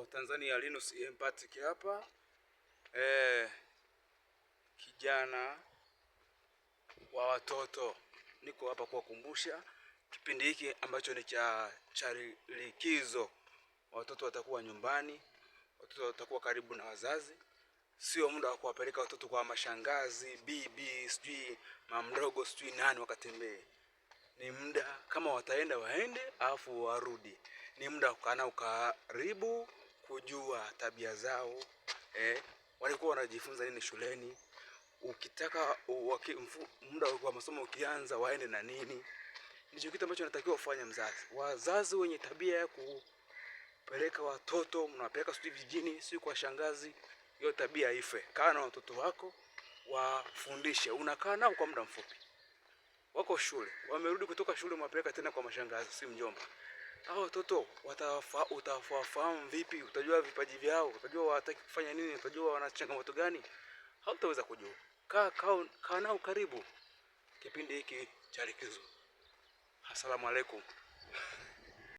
Oh, Tanzania Linus Mpatrick hapa e, kijana wa watoto, niko hapa kuwakumbusha kipindi hiki ambacho ni cha cha likizo. Watoto watakuwa nyumbani, watoto watakuwa karibu na wazazi, sio muda wa kuwapeleka watoto kwa mashangazi, bibi sijui mamdogo sijui nani wakatembee. Ni muda kama wataenda waende, alafu warudi. Ni muda wa kukaa nao karibu, kujua tabia zao eh, walikuwa wanajifunza nini shuleni. Ukitaka muda wa masomo ukianza, waende na nini, ndicho kitu ambacho natakiwa kufanya mzazi. Wazazi wenye tabia ya kupeleka watoto, mnawapeleka sijui vijijini, si kwa shangazi, hiyo tabia ife. Kaa na watoto wako, wafundishe. Unakaa nao kwa muda mfupi, wako shule, wamerudi kutoka shule, mwapeleka tena kwa mashangazi, si mjomba hao watoto utawafahamu vipi? Utajua vipaji vyao? Utajua wataki kufanya nini? Utajua wana changamoto gani? Hautaweza kujua. Kaa ka, kaa nao karibu kipindi hiki cha likizo. Asalamu alaykum.